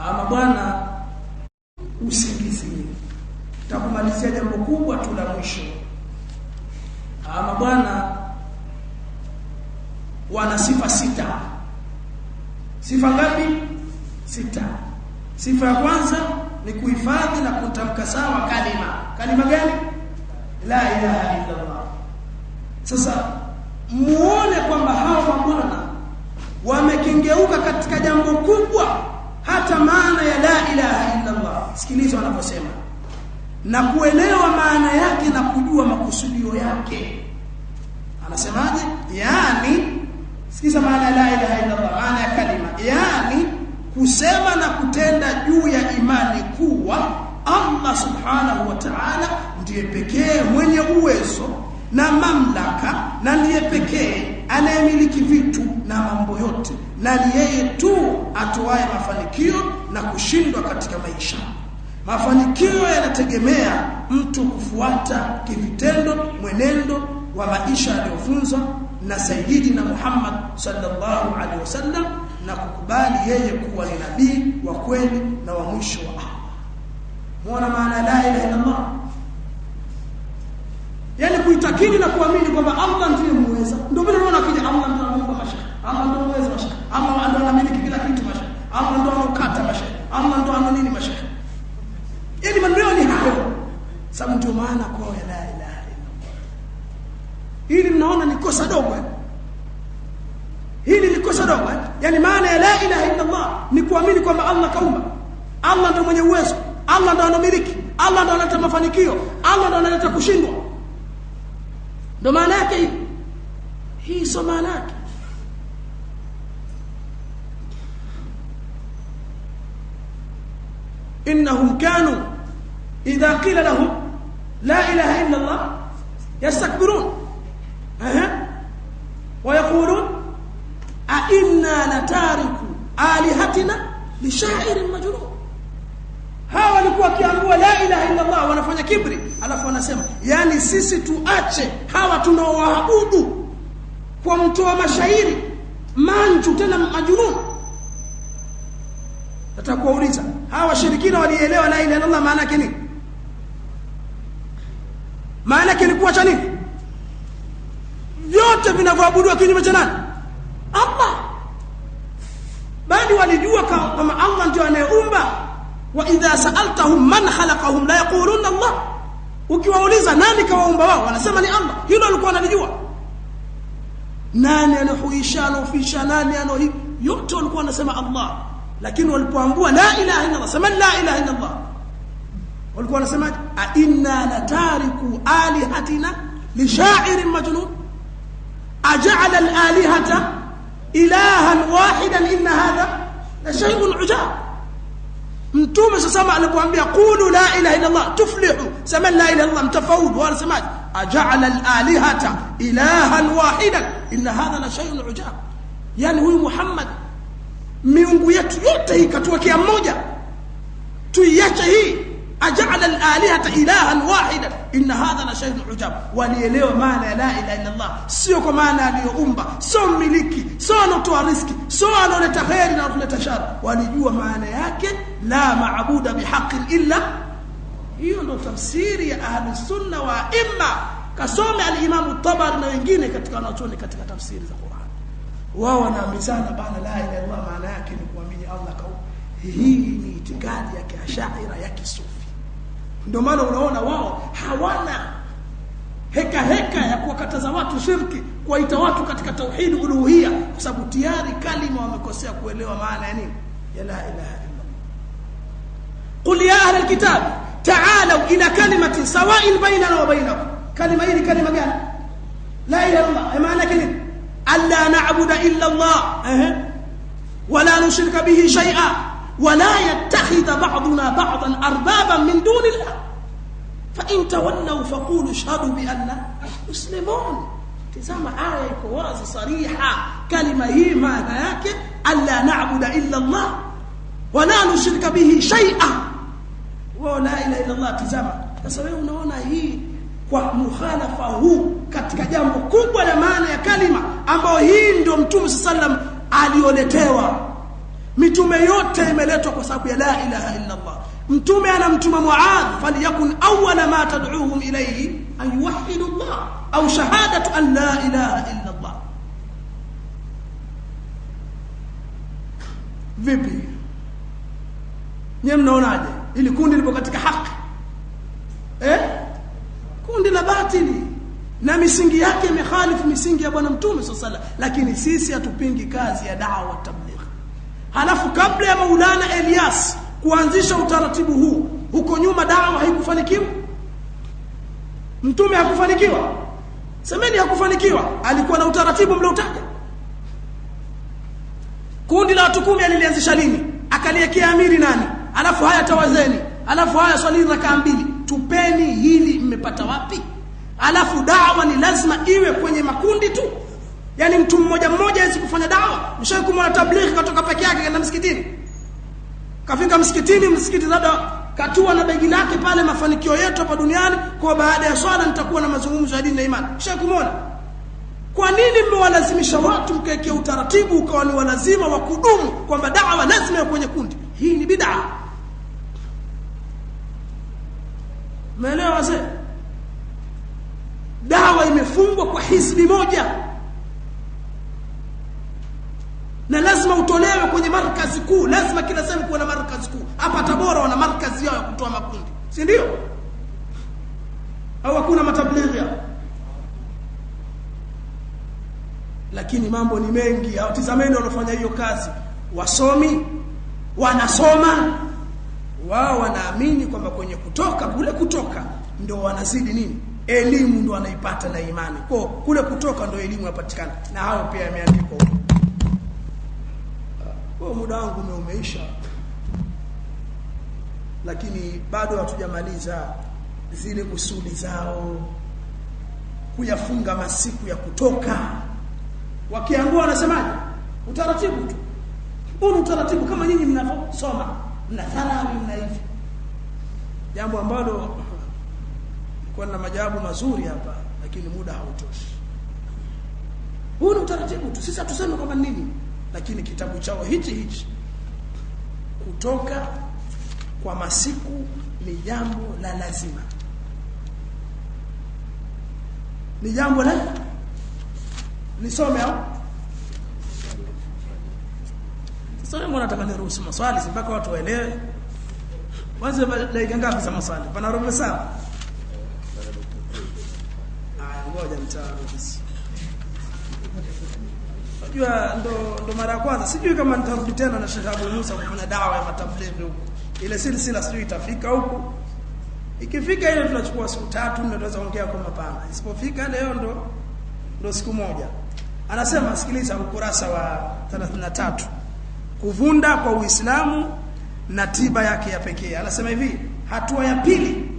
Ah, ama bwana usingizie takumalizia jambo kubwa tu la mwisho ah, ama bwana wana sifa sita sifa ngapi sita sifa ya kwanza ni kuhifadhi na kutamka sawa kalima kalima gani la ilaha illa allah sasa muone kwamba wa mabwana wamekengeuka katika jambo kubwa hata maana ya la ilaha illa Allah. Sikilizo anaposema. na kuelewa maana yake na kujua makusudio yake. Anasemaje? Yaani, sikiza maana ya la ilaha illa Allah, maana ya kalima, yaani kusema na kutenda juu ya imani kuwa Allah subhanahu wa ta'ala ndiye pekee mwenye uwezo na mamlaka na ndiye pekee anayemiliki vitu na mambo yote na ni yeye tu atoaye mafanikio na kushindwa katika maisha. Mafanikio yanategemea mtu kufuata kivitendo mwenendo wa maisha aliyofunzwa na na Muhammad sallallahu alaihi wasallam na kukubali yeye kuwa ni nabii wa kweli na wa mwisho wa Muona maana la ilaha illallah. Yaani kuitakidi na kuamini kwamba Allah ndiye muweza. Ndio kuamini kwamba Allah kauma Allah ndio mwenye uwezo, Allah ndio anamiliki, Allah ndio analeta mafanikio, Allah ndio analeta kushindwa. Ndio maana yake hii. Hii sio maana yake. إنهم كانوا إذا قيل لهم لا إله إلا الله يستكبرون أه. ويقولون أئنا لتاركو alihatina bishairin majnun hawa walikuwa kiambua la ilaha illa Allah wanafanya kibri alafu wanasema yani sisi tuache hawa tunaoabudu kwa mtoa mashairi manju tena majnun atakuuliza hawa shirikina walielewa la ilaha illa Allah maana yake nini maana yake ilikuwa cha nini vyote vinavyoabudiwa kinyume cha nani Allah walijua kama Allah ndio anayeumba wa idha sa'altahum man khalaqahum la yaquluna Allah ukiwauliza nani kawaumba wao wanasema ni Allah hilo alikuwa analijua nani anahuisha anaofisha nani anohi yote walikuwa wanasema Allah lakini walipoambua la ilaha illa Allah sema la ilaha illa Allah walikuwa wanasema a inna natariku alihatina li sha'irin majnun aj'ala al-alihata ilahan wahidan inna hadha na shay'un ujab mtume sasa alipoambia qulu la ilaha illa allah tuflihu sema la ilaha illa mtafaulu wala sema aja'ala al-alihata ilahan wahidan inna hadha la shay'un ujab yani huyu muhammad miungu yetu yote hii katuwekea mmoja tuiache hii أجعل الآلهة إلها واحدا إن هذا لشيء عجاب وليلو ما لا إله إلا الله سيوك ما لا ليؤمب سو ملكي سو نطوى رزكي سو أنو نتخير نعرف نتشار وليجو ما لا يأكل لا معبود بحق إلا يونو تفسير يا أهل السنة وإما كسومي الإمام الطبر نوينجيني كتك نتوني كتك تفسير ذا قرآن ووانا نعمزان بان لا إله إلا الله ما لا يأكل ومني الله كو هيني تقاد يا كأشاعر يا كسوفي Ndio maana unaona wao hawana heka heka ya kuwakataza watu shirki, kuwaita watu katika tauhid uluhia, kwa sababu tayari kalima wamekosea kuelewa maana ya nini ya la ilaha illa Qul ya ahli alkitab ta'alu ila kalimatin sawa'in bainana wa bainakum. Kalima hii ni kalima gani? La ilaha illa allah maana yake nini? Alla na'budu illa Allah, ehe, wala nushrika bihi shay'a ولا يتخذ بعضنا بعضا اربابا من دون الله فان تولوا فقولوا اشهدوا بان مسلمون تسمع آية كواز صريحة كلمة هي ما ألا نعبد إلا الله ولا نشرك به شيئا ولا إله إلا الله تسمع تسمعون نوانا هي ومخالفة هو katika jambo kubwa la maana ya kalima ambayo hii ndio mtume sallam aliyoletewa mitume yote imeletwa kwa sababu ya la ilaha illa Allah mtume anamtuma Muadh falyakun awwala ma tad'uuhum ilayhi an yuwahhidu Allah au shahadatu an la ilaha illa Allah vipi nyewe mnaonaje ili kundi lipo katika haki eh kundi la batili na misingi yake imehalifu misingi ya bwana mtume sallallahu alaihi wasallam lakini sisi hatupingi kazi ya da'wa tabligh halafu kabla ya maulana Elias kuanzisha utaratibu huu huko nyuma dawa haikufanikiwa mtume hakufanikiwa semeni hakufanikiwa alikuwa na utaratibu mliotaka kundi la watu kumi alilianzisha lini akaliekea amiri nani alafu haya tawazeni alafu haya swalini rakaa mbili tupeni hili mmepata wapi alafu dawa ni lazima iwe kwenye makundi tu Yaani mtu mmoja mmoja hawezi kufanya dawa. Mshawahi kumwona tablighi katoka peke yake kaenda msikitini? Kafika msikitini, msikiti labda katua na begi lake pale, mafanikio yetu hapa duniani, kwa baada ya swala nitakuwa na mazungumzo ya dini na imani. Mshawahi kumwona? Kwa nini mmewalazimisha watu mkaekea utaratibu ukawa ni walazima wa kudumu kwamba dawa lazima kwenye kundi? Hii ni bid'a. Umeelewa wazee? Dawa imefungwa kwa hisbi moja na lazima utolewe kwenye markazi kuu. Lazima kila sehemu kuwe na markazi kuu. Hapa Tabora wana markazi yao ya kutoa makundi, si ndio? Au hakuna matablighi? Lakini mambo ni mengi. Tizameni wanafanya hiyo kazi, wasomi wanasoma wao, wanaamini kwamba kwenye kutoka kule kutoka ndio wanazidi nini elimu, ndio wanaipata na imani kwao, kule kutoka ndio elimu yapatikana na hao pia yameandikwa huo muda wangu umeisha lakini bado hatujamaliza zile usuli zao kuyafunga masiku ya kutoka wakiangua wanasemaje utaratibu tu huu utaratibu kama nyinyi mnavyosoma mna thalawi mna hivi jambo ambalo kwa na majawabu mazuri hapa lakini muda hautoshi huu ni utaratibu tu sisi hatusemi kwamba nini lakini kitabu chao hichi hichi kutoka kwa masiku ni jambo la lazima ni jambo la nisome au sasa mbona nataka niruhusu maswali mpaka watu waelewe kwanza dakika ngapi za maswali pana robo saa ngoja mtaa unajua ndo ndo mara ya kwanza sijui kama nitarudi tena na Sheikh Abu Musa kufanya dawa ya matablighi huko ile silsila sijui itafika huko ikifika ile tunachukua siku tatu ndio tunaweza ongea kwa mapana isipofika leo ndo ndo siku moja anasema sikiliza ukurasa wa 33 kuvunda kwa Uislamu na tiba yake ya pekee anasema hivi hatua ya pili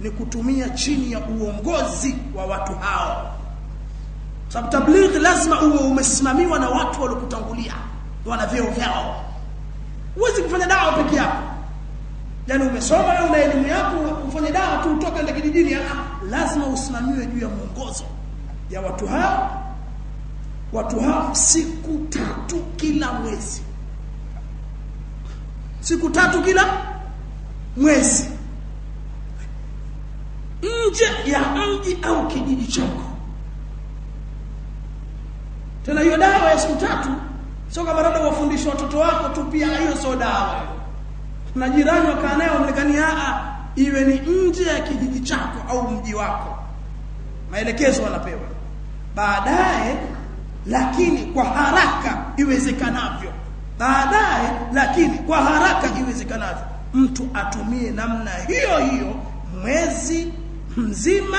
ni kutumia chini ya uongozi wa watu hao sababu tabligh lazima uwe umesimamiwa na watu waliokutangulia wana vyeo vyao huwezi kufanya dawa peke yako yani umesoma wewe una elimu yako ufanye dawa tu utoke ndani kijijini lazima usimamiwe juu ya mwongozo ya watu hao watu hao siku tatu kila mwezi siku tatu kila mwezi nje ya mji au kijiji chako tena hiyo dawa ya siku tatu sio kama labda wafundishe watoto wako tu pia hiyo sio dawa na jirani wakaa naye wamlekania iwe ni nje ya kijiji chako au mji wako maelekezo wanapewa baadaye lakini kwa haraka iwezekanavyo baadaye lakini kwa haraka iwezekanavyo mtu atumie namna hiyo hiyo mwezi mzima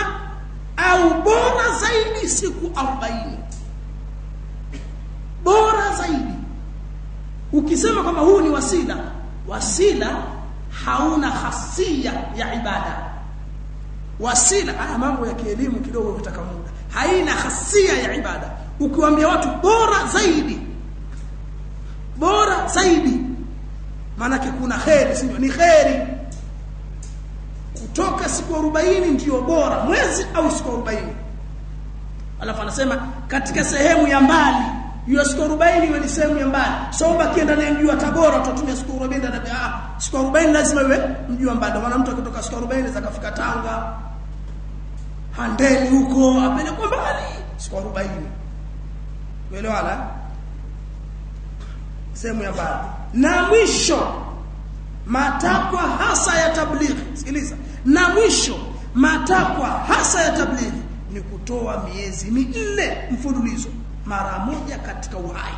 au bora zaidi siku arobaini zaidi ukisema kwamba huu ni wasila wasila hauna hasia ya ibada wasila ana mambo ya kielimu kidogo kutaka muda haina hasia ya ibada ukiwaambia watu bora zaidi bora zaidi maana kuna kheri sio ni kheri kutoka siku 40 ndio bora mwezi au siku 40 alafu anasema katika sehemu ya mbali hiyo siku 40 iwe ni sehemu ya mbali so ubakie ndani ya mji wa Tabora utatumia siku 40 na ah siku 40 lazima iwe mjua wa mbali maana mtu akitoka siku 40 anaweza kafika Tanga handeli huko apende kwa mbali siku 40 uelewana eh? sehemu ya mbali na mwisho matakwa hasa ya tablighi sikiliza na mwisho matakwa hasa ya tablighi ni kutoa miezi minne mfululizo mara moja katika uhai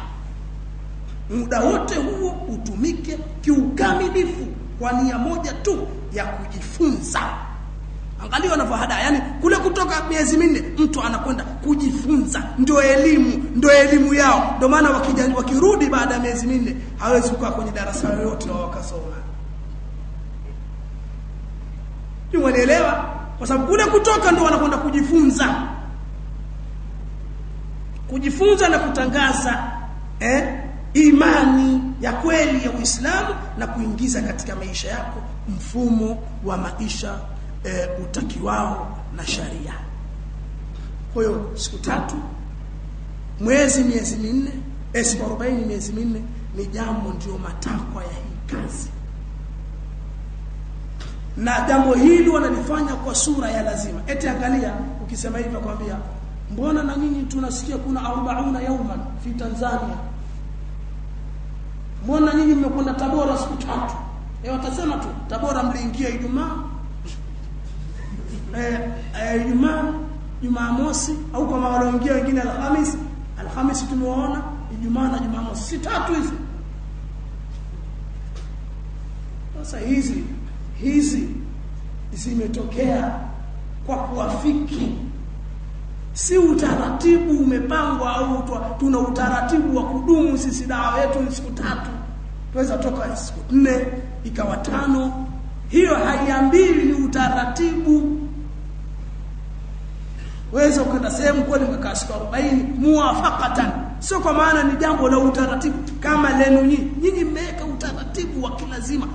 muda wote huo utumike kiukamilifu kwa nia moja tu ya kujifunza angalia wanavyohada yani kule kutoka miezi minne mtu anakwenda kujifunza ndio elimu ndio elimu yao ndio maana wakirudi baada ya miezi minne hawezi kukaa kwenye darasa yoyote na wakasoma umenielewa kwa sababu kule kutoka ndio wanakwenda kujifunza kujifunza na kutangaza eh, imani ya kweli ya Uislamu na kuingiza katika maisha yako mfumo wa maisha eh, utakiwao na sharia. Kwa hiyo siku tatu, mwezi, miezi minne, eh, siku arobaini, miezi minne ni jambo ndio matakwa ya hii kazi, na jambo hili wanalifanya kwa sura ya lazima. Eti angalia, ukisema hivi nakwambia mbona na nyinyi tunasikia kuna arbauna yauma fi Tanzania mbona nyinyi mmekwenda Tabora siku tatu eh watasema tu Tabora mliingia Ijumaa eh, eh Ijumaa Jumamosi au kama waliongea wengine Alhamisi Alhamisi tumewaona Ijumaa na Jumamosi si tatu hizi sasa hizi hizi zimetokea kwa kuwafiki si utaratibu umepangwa au tuna utaratibu wa kudumu sisi dawa yetu ni siku tatu tuweza toka siku nne ikawa tano hiyo haiambiwi ni utaratibu weza ukenda sehemu kweli mkakaa siku 40 muwafaqatan sio kwa maana ni jambo la utaratibu kama lenu nyinyi nyinyi mmeweka utaratibu wa kilazima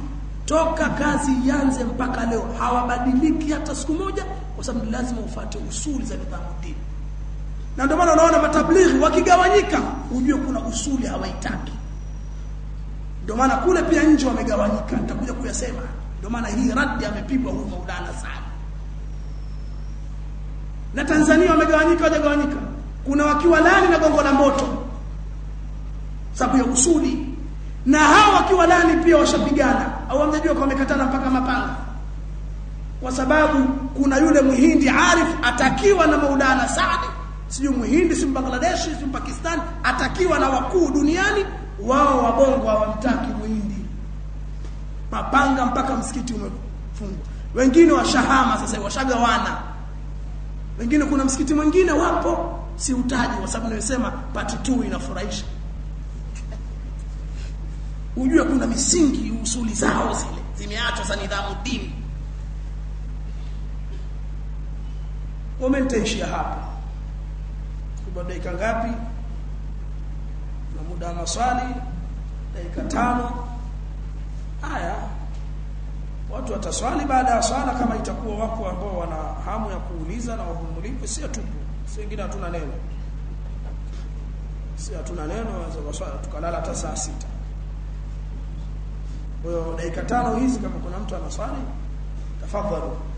toka kazi ianze mpaka leo hawabadiliki hata siku moja kwa sababu lazima ufuate usuli za nidhamu dini na ndio maana unaona matablighi wakigawanyika ujue kuna usuli hawaitaki ndio maana kule pia nje wamegawanyika nitakuja kuyasema ndio maana hii radi amepigwa huko Maulana sana na Tanzania wamegawanyika wajagawanyika kuna wakiwa lani na gongo la moto sababu ya usuli na hawa wakiwa lani pia washapigana au wamjajua kwa wamekatana mpaka mapanga kwa sababu kuna yule mhindi arif atakiwa na maulana Saadi sijui mhindi si Bangladeshi si Pakistan atakiwa na wakuu duniani wao wabongo hawamtaki muhindi mapanga mpaka msikiti umefungwa wengine washahama sasa washagawana wengine kuna msikiti mwingine wapo si utaji kwa sababu nimesema pati tu inafurahisha ujue kuna misingi usuli zao zile zimeachwa za nidhamu dini Wame nitaishia hapa. Kwa dakika ngapi? Na muda wa maswali dakika tano. Haya. Watu wataswali baada ya swala kama itakuwa wako ambao wana hamu ya kuuliza na wavumilivu, sio tupo. Si wengine hatuna neno. Si hatuna neno za swala tukalala hata saa sita. Kwa hiyo dakika tano hizi kama kuna mtu ana swali tafadhali.